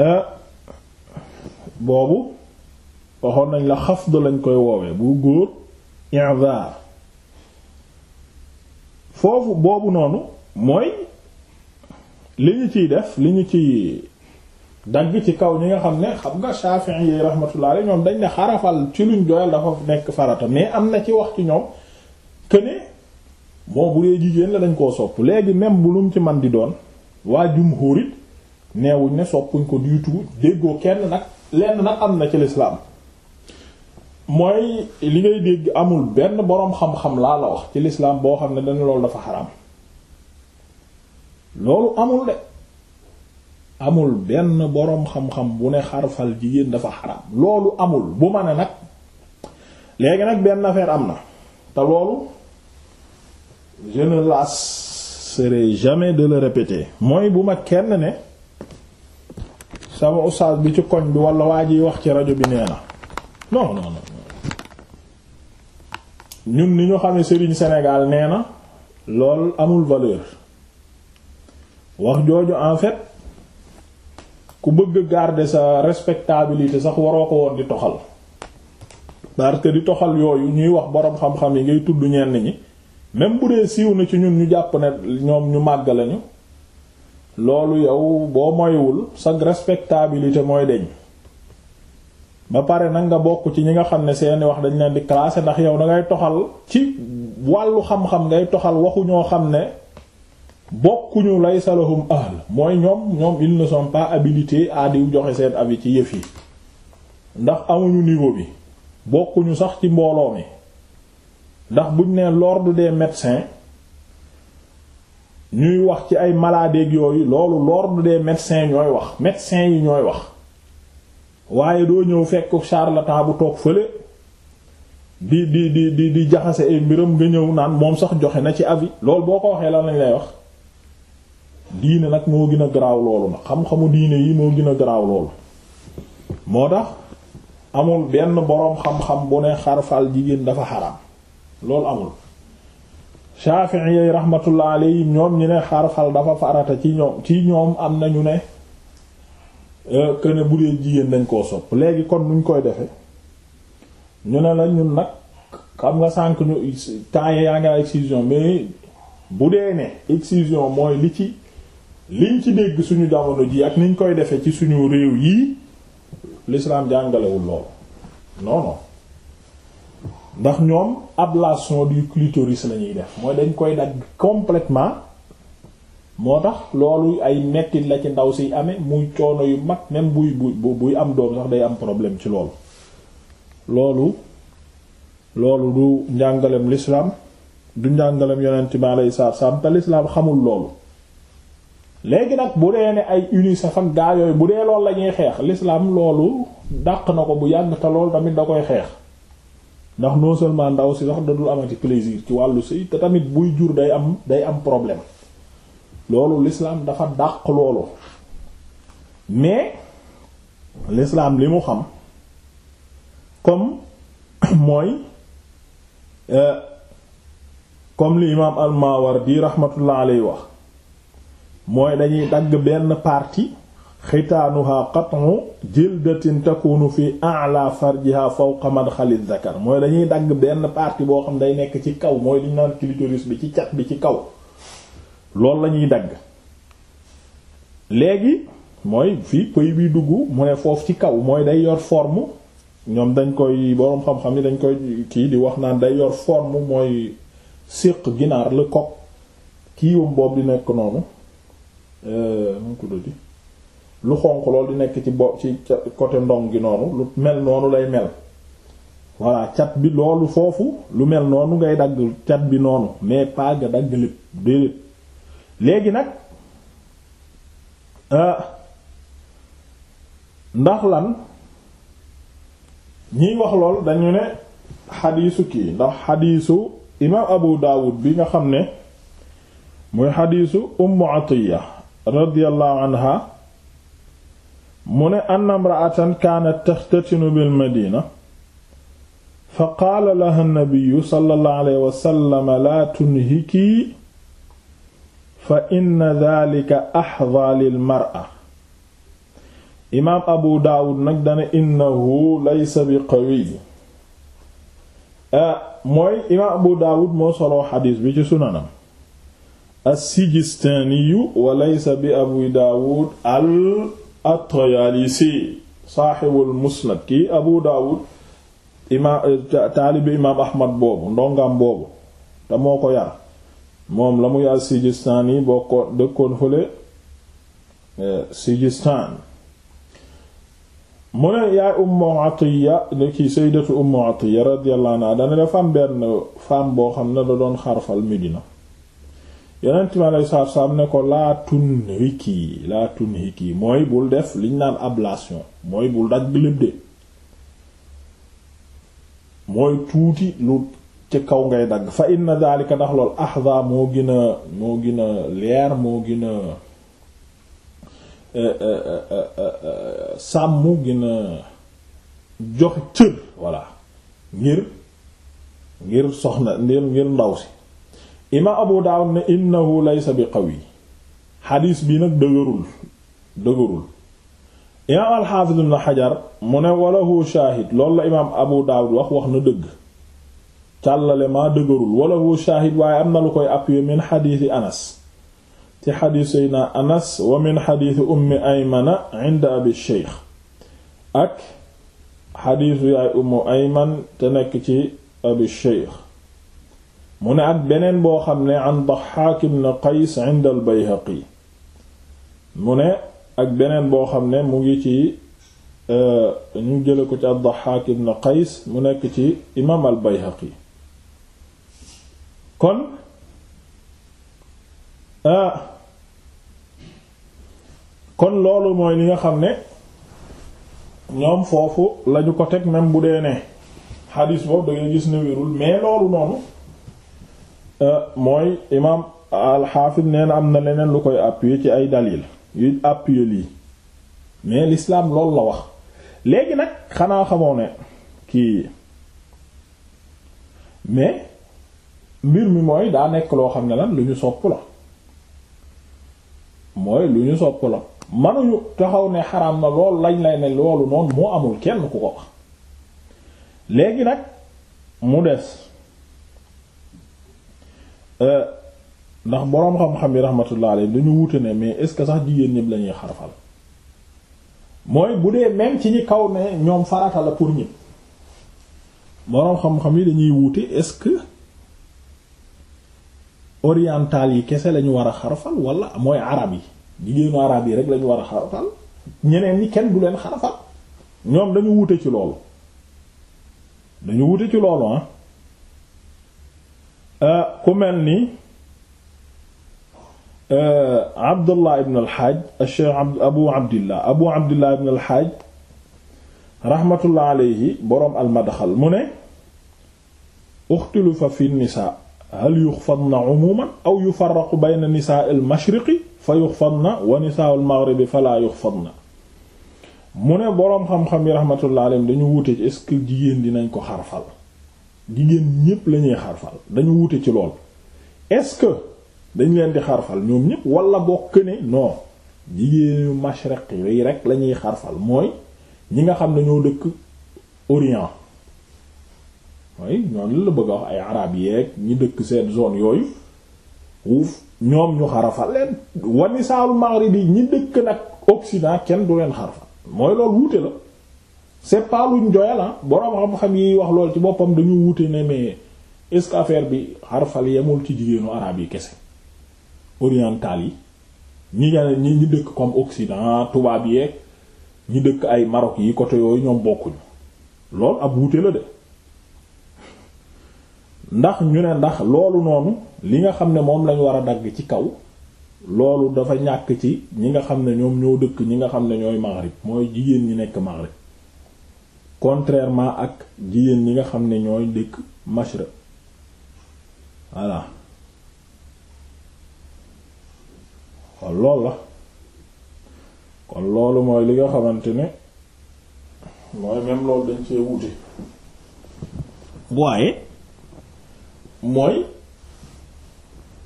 Euh, boobu waxoon nañ la xafd lañ koy woowee bu góor i'dhar foofu boobu noonu mooy li ñu ciy def li ñu ciy dagg ci kaw ñi nga xam ne xam nga Shafi'i yi rahmatullah alayhi ñoom dañ ne xarafal ci luñ doyal dafa nekk farata mais am na ci wax ci ñoom que boobu moo dee jigéen la dañ koo sopp léegi même bu lum ci man di doon waa jumhuur it neewuñ ne soppuñ ko du tout déggoo kenn nag lenn nag am na ci lislaam mooy li ngay dégg amul benn boroom xam-xam laa la wax ci lislaam boo xam ne dañ loolu dafa xaram loolu amul benn boroom xam bu ne xarfal jigéen dafa xaram amul bu ma ne nag léegi nag benn affaire am na te loolu je ne lasserai jamais de le répéter mooy bu ma kenn ne sama oustaz bi ci koñ bi wala waa jiy wax ci rajo bi nee na non non non ñun ni ñu xamee Serigne senegal nee na lool amul valeur wax jooju en fait ku bëgg garder sa respectabilité sax waroo ko woon di toxal parce di toxal yooyu ñuy wax boroom xam-xam yi ngay tudd ñenn ñi même bu dee siiw na ci ñun ñu jàpp ne ñoom ñu màgg lañu loolu yow boo moywul sa respectabilité mooy deñ ba pare nag nga bokk ci ñi nga xam ne seeni wax dañ leen di classer ndax yow da ngay toxal ci wàllu xam-xam ngay toxal waxu ñoo xam ne bokkuñu lay lahum ahl mooy ñoom ñoom ils ne pas habilités à di joxe seen avis ci yëf yi ndax amuñu niveau bi bokkuñu sax ci mbooloo mi ndax buñ ne l'ordre de médecins ñuy wax ci ay maladies yooyu loolu l'ordre des médecins ñooy wax médecins yi ñooy wax waaye doo ñëw fekk charlatan bu toog fële di di di di di jaxase ay mbiram nga ñëw naan moom sax joxe na ci avis lool boo ko waxee lan lañ lay wax diine nag moo gën a garaaw loolu nag xam-xamu diine yi moo gën a garaaw loolu moo tax amul benn boroom xam-xam bu ne xarfal jigéen dafa xaram loolu amul Shafi'i yi rahmatullah alayhi ñoom ñu ne xarxal dafa farata ci ñoom ci ñoom am nañu ne euh, que ne bu dee jigéen dañ koo sopp léegi kon nuñ koy defe ñu ne la ñun nag xam nga sànq ñu temps yaa ngi excision mais bu dee ne excision mooy li ci liñ ci dégg suñu jamono ji ak niñ koy defe ci suñu réew yii l'islam jàngalewul loolu non ndax ñoom ablation du clitoris lañuy def mooy dañ koy dagg complètement moo tax loolu ay mettit la ci ndaw si amee muy coono yu mag même buy buy buy am doom sax day am problème ci loolu loolu loolu du njàngalem l'islam du njàngalem yonent bi alayhi salaatu salaam te l'islam xamul loolu léegi nag bu dee ne ay UNICEF ak gaa yooyu bu dee lool la ñuy xeex lislaam loolu dàq na ko bu yàgg te loolu tamit da koy xeex ndax non seulement ndaw si sax dadul amati plaisir ci wàllu sëy te tamit buy jur day am day am problème loolu lislaam dafa dàq loolu mais lislaam li mu xam comme mooy euh, comme li imaam al-Mawardi rahmatullah alayhi wax mooy dañuy dagg benn partie xitaanuha qat'u jildatin takunu fi a'la farjiha fawqa madxalil zakar mooy dañuy dagg benn partie boo xam day nekk ci kaw mooy liñ naan clitoris bi ci cat bi ci kaw loolu lañuy dagg léegi mooy fii pëy bi dugg mu ne foofu ci kaw mooy day yor form ñoom dañ koy boroom xam-xam ni dañ koy kii di wax naan day yor form mooy siq ginaar la coq kiiwam boobu di nekk noonu euh, nu ko tuddi lu xonq lool di nekk ci bo ci côté ndong gi noonu lu mel noonu lay mel voilà cat bi loolu foofu lu mel noonu ngay dagg cat bi noonu mais pas dagg lépp léegi nag euh, ndax lan ñiy wax lool dañu ne xadiisu kii ndax xadiisu imaam Abu Dawud bi nga xam ne mooy xadiisu Ummu Atiya radiyallahu anha mu ne anna imra'atan kaanat taxtatinu bil madina fa qaala laha nabiyu sallallahu alayhi wa sallam laa tunhiki fa inna dhalika ahdaa lil mar'a imaam abu daawud nag dana innahu laysa bi qawiy ah, mooy imaam abu daawud moo soloo xadiis bi ci sunanam as-sijistaaniyu wa laysa bi abu daawud al at-Tayaalisi saaxibul musnad kii Abu Daawud imaam taalibi imaam Ahmad boobu ndongaam boobu te moo ko yar moom la muy al Sijistaani bokkoon dëkkoon fële e, Sijistaan mu ne yaay Ummu Atiya ki sayyidatu Ummu Atiya radiyallahu anha dana dafa am benn femme boo xam ne da doon xarfal Medina yonent bi alei salatu salaam ne ko laa tun hikii laa tun hikii mooy bul def liñ naan ablation mooy bul dagg lépp mooy tuuti lu ci kaw ngay dagg fa inna daalika ndax lool ahda moo gën a moo gën a leer moo gën a eh, eh, eh, sàmm gën a jox cër voilà ngir ngir soxna ngir ngir ndaw si imaam Abu Daawud ne innahu laysa bi qawi xadiis bi nag dëgërul dëgërul imaam al-Hafiz ibn mu ne walahu shaahid loolu la imaam Abu Daawud wax wax na dëgg càllale maa dëgërul walahu shaahid waaye am na lu koy appuyer min xadiisi Anas ci xadiis Seydina Anas wa min xadiisi ummi Aymana inda abi Shaykh ak xadiisu yaay ummu Ayman te nekk ci abi Shaykh mu ne ak beneen boo xam ne an Dahhaak ibn Qays inda al-Bayhaqi mu ne ak beneen boo xam ne mu ngi ci euh, ñu jële ko ci ad-Dahhaak ibn Qays mu nekk ci imaam al-Bayhaqi kon ah kon loolu mooy li nga xam ne ñoom foofu lañu ko teg même bu dee ne xadiis boobu da gis ne wérul mais loolu noonu Euh, mooy imaam alxaafis nee na am na leneen lu koy appuyer ci ay dalil yu appuyer lii mais l'islam loolu la wax léegi nag xanaa xamoo ne kii mais mbir mi mooy daa nekk loo xam ne lan lu ñu sopp la mooy lu ñu sopp la manuñu taxaw ne xaraam na loolu lañ lay ne loolu noonu moo amul kenn ku ko wax léegi nag mu des Euh, ndax boroom xam-xam yi rahmatullah alayhi dañu wute ne mais est-ce que sax jigéen ñëpp lañuy xarafal mooy bu dee même ci ñi kaw ne ñoom farata la pour ñëpp boroom xam-xam yi dañuy wuute est-ce que oriental yi kese lañu war a xarafal wala mooy arab yi jigéenu arab yi rek lañu war a xarafal ñeneen ñi kenn du leen xarafal ñoom dañu wute ci loolu dañu wute ci loolu ah Euh, ku mel ni euh, Abdullah ibn al-Hajj Cheikh Abu Abdillah Abu Abdillah ibn al-Hajj rahmatullah alayhi boroom al-Madxal mu ne uxtilafa fi nisaa hal yuxfadna umuman aw yufarraqu bayna nisaa al-mashriqi fa yuxfadna wa nisaa al-maghribi fala yuxfadna mu ne boroom xam-xam yi rahmatullah dañu wuute ci est jigéen dinañ ko xarfal jigéen ñépp lañuy xarfal dañu wute ci lool est-ce que dañ leen di xarfal ñoom ñépp walla bokk ne noo jigéenu mashriq yi rek lañuy xarfal mooy ñi nga xam ne ñoo dëkk orient mooy ñoon la bëgg a wax ay arab yeeg ñi dëkk seen zone yooyu wuuf ñoom ñu xarafal leen wanisaalul maghrib yi ñi dëkk nag occident kenn du leen xarfal mooy loolu wuute la c'est pas luñ joyal ah boroom xam-xam yi wax loolu ci boppam dañu wute ne mais est bi xarfal yemul ci jigéenu arabe yi kese oriental yi ñi ñane ñi dëkk comme Occident tubaab yeeg ñi dëkk ay Maroc yi côté yooyu ñoom bokkuñu lool ab wuute la de ndax ñu ne ndax loolu noonu li nga xam ne moom lañ war a dagg ci kaw loolu dafa ñàkk ci ñi nga xam ne ñoom ñoo dëkk ñi nga xam ne ñooy Maghrib mooy jigéen ñi nekk Maghrib contrairement ak jigéen ñi nga xam ne ñooy dëkk mashra voilà kon lool la kon loolu mooy li nga xamante ne mooy même loolu dañ cee wuute waaye mooy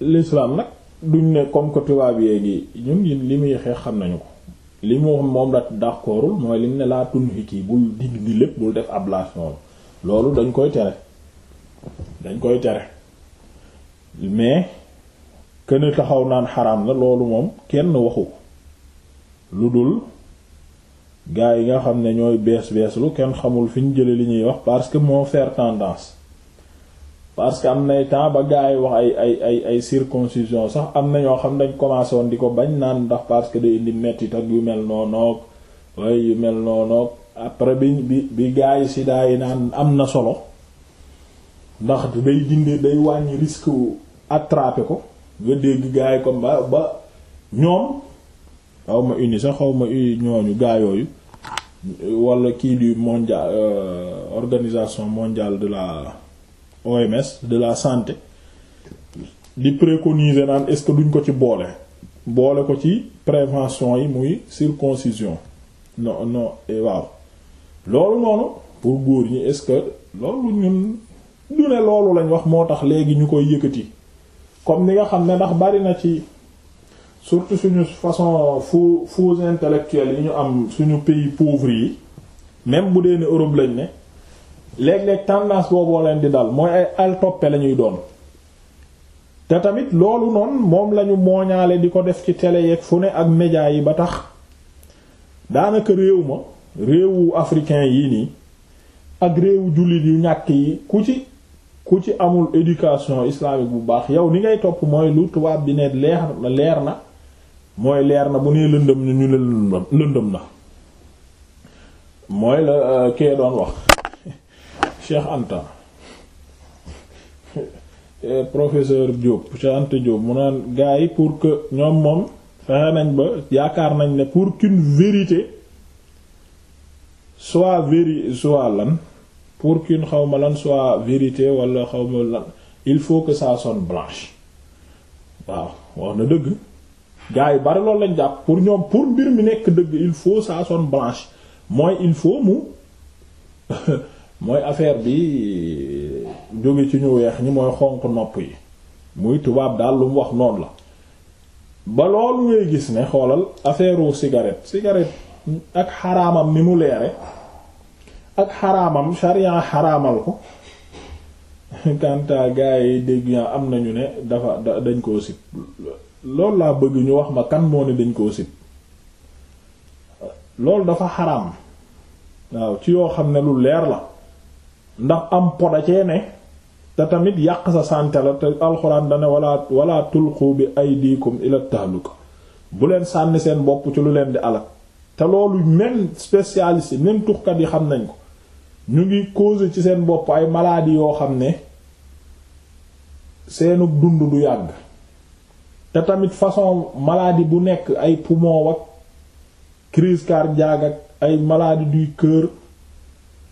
l'islam nag duñ ne comme que tubaab yee gi ñun li muy xeex xam nañu ko li mu moom la d'accordul mooy li mu ne laa tun hiki bul digg di lépp bul def ablation loolu dañ koy tere dañ koy tere mais kenn taxaw naan xaraam na loolu moom kenn waxu lu dul gaa yi nga xam ne ñooy bees bees kenn xamul fi ñu jële li ñuy wax parce que moo fertendance parce que am na temps ba gars yi wax ay ay ay ay circoncision sax am na ñoo xam dañ commencé woon di ko bañ naan ndax parce que day indi mettit ak yu mel noonoog way yu mel noonoog après bi bi bi gars yi si daay naan am na solo ndax day dindi day wàññi risque attraper ko nga dégg gars yi comme ba ba ñoom xaw ma uni sax xaw ma uni ñooñu gaa yooyu wala kii du mondial euh, organisation mondial de la OMS de la santé di préconiser naan est duñ ko ci boole boole ko ci prévention yi muy circoncision non non eh, waaw loolu noonu pour góor ñi est-ce que loolu ñun du ne loolu lañ wax moo tax léegi ñu koy yëkkati comme ni nga xam ne ndax bari na ci surtout suñu façon faux faux intellectuels yi ñu am suñu pays pauvres yi même bu dee ne Europe lañ ne. léeg-léeg tendance booboo leen di dal mooy ay al toppe la ñuy doon te tamit loolu noonu moom lañu mooñaale di ko def ci télé yeeg fu ne ak média yi ba tax daanaka réew ma réewu africain yii nii ak réewu jullit yu ñàkk yi ku ci ku ci amul éducation islamique bu baax yow ni ngay topp mooy lu tubaab bi ne leer leer na mooy leer na bu nee lëndëm ñu ñu lëndëm na mooy la euh, kee doon wax Cheikh Anta eh, professeur Diop Cheikh Anta Diop mu naan gars yi pour que ñoom moom fexe nañ ba yaakaar nañ ne pour qu'une vérité soit véri soit lan pour qu'une xaw ma lan soit vérité walla xaw ma lan il faut que ça sonne blanche waaw wax na dëgg gars yi bari lool lañ jàpp pour ñoom pour mbir mi nekk dëgg il faut ça sonne blanche mooy il faut mu mooy affaire bi euh, jóge ci ñu weex ñi mooy xonq nopp yi muy tubaab daal lu mu wax noon la ba loolu ngay gis ne xoolal affaire wu cigarette cigarette ak xaraamam ni mu leere ak xaraamam sharia xaraamal ko kanta gaa yi dégg yaa am nañu ne dafa dañ koo sib loolu laa bëgg ñu wax ma kan moo ne dañ koo sib loolu dafa xaram waaw ci yoo xam ne lu leer la ndax am poda cee ne te tamit yàq sa santé la te alxuraan dane wala wala tulqu bi aydikum ila tahluka bu leen sànni seen bopp ci lu leen di alal te loolu même spécialiste yi tuxkat yi xam nañ ko ñu ngi causer ci seen bopp ay maladies yoo xam ne seenu dund du yàgg te tamit façon maladie bu nekk ay poumon ak crise cardiaque ak ay maladie du kër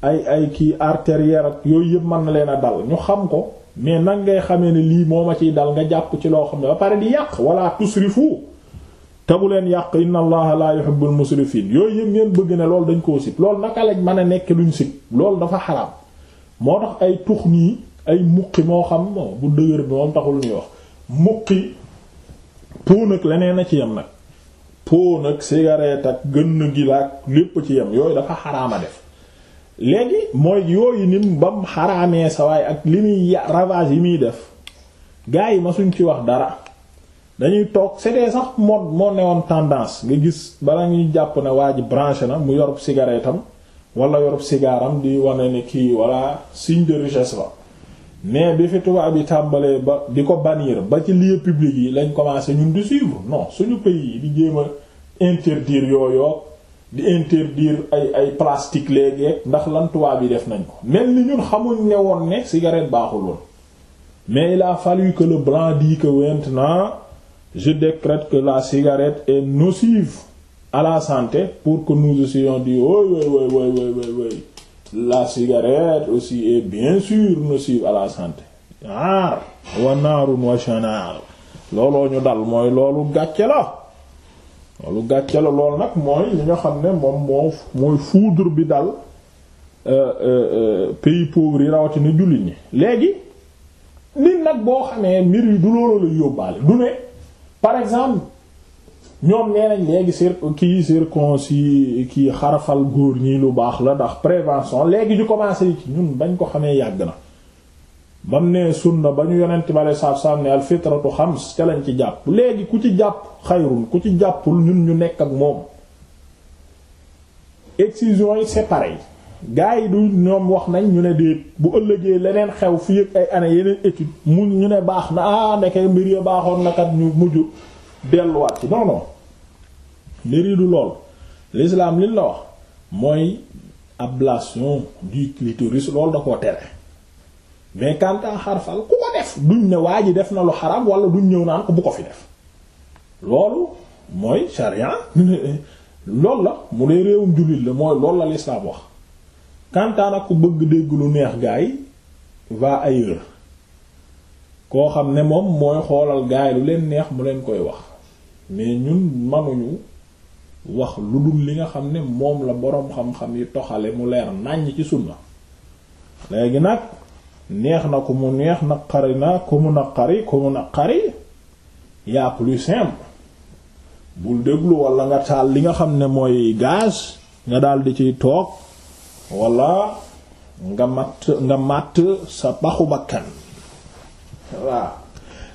ay ay kii artérielle ak yooyu yëpp mën na leen a dal ñu xam ko mais nan ngay xamee ne lii moo ma ciy dal nga jàpp ci loo xam ne ba pare di yàq wala tusrifu te leen yàq inna allaha la yuhibbul musrifin yooyu yëpp ngeen bëgg ne loolu dañ koo sib loolu naka lañ mën a nekk luñ sib loolu dafa xaraam moo tax ay tux nii ay muqi moo xam bu dëgër bi moom taxul ñuy wax muqi po nag leneen a ci yem nag po nag cigarette ak gënn gi laak lépp ci yem yooyu dafa xaraama léegi mooy yooyu nim ba mu sa waay ak li muy ravage yi muy def gars yi ma suñ ci wax dara dañuy toog c'était sax mode moo woon tendance nga gis balaa ñuy jàpp ne waa ji branché na mu yorub cigarette am wala yorub cigaram di wane ne kii wala signe de richesse la mais bi fi tubaab yi tàmbalee ba di ko bannir ba ci lieu public yi lañ commencé ñun di suivre no suñu pays yi di jéem a interdire yooyu di interdire ay ay plastique léegi ndax lan tubaab yi def nañ ko mel ni ñun xamuñ ne woon ne cigarette baaxul woon mais il a fallu que le blanc dit que maintenant je décrète que la cigarette est nocive à la santé pour que nous aussi on dit oui oui oui la cigarette aussi est bien sûr nocive à la santé aar ah, wa naarun wa shanaar looloo ñu dal mooy loolu gàcce la loolu gàcce la lool nag mooy li nga xam ne moom moo mooy foudre bi dal euh, euh, euh, pays pauvres yi rawatina jullit ñi léegi nit nag boo xamee mbir yi du loolu la yóbbaale du ne par exemple ñoom nee nañ léegi cir kii circoncis kii xarafal góor ñi lu baax la ndax prévention léegi ñu commencé ci ñun bañ ko xamee yàgg na ba mu nee na ba ñu yonent bale saab saab ne al fitratu xam ca lañ ci jàpp léegi ku ci jàpp xayrun ku ci jàppul ñun ñu nekk ak moom excision yi c'est yi gars yi du ñoom wax nañ ñu ne déet bu ëllëgee leneen xew fii ak ay années yeneen étude mu ñu ne baax na ah ndeke mbir ya baaxoon na kat ñu mujj delluwaat ci non non mbir yi du lool l'islam li la wax mooy ablation du clitoris loolu da koo tere. mais kantaa xarfal ku ko def duñ ne waa ji def na lu xaram wala duñ ñëw naan ko bu ko fi def loolu mooy sharia loolu la mu dee réewum jullit la mooy loolu la lislaam wax kantaa nag ku bëgg dégg lu neex gaa yi va ailleurs koo xam ne moom mooy xoolal gaa lu leen neex mu leen koy wax mais ñun manuñu wax lu dul li nga xam ne moom la boroom xam-xam yi toxale mu leer nàññ ci sunna léegi nag neex na ko mu neex naqari na ko mu naqari ko mu naqari yaa plus simple bul déglu wala nga taal li nga xam ne mooy gaz nga daal di ci toog wala nga matt nga matt sa baxu bakkan waaw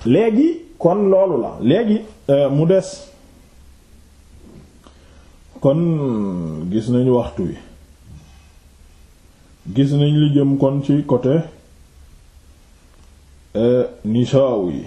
léegi kon loolu la léegi euh, mu des kon gis nañu waxtu wi gis nañ li jëm kon ci côté e nisaaw yi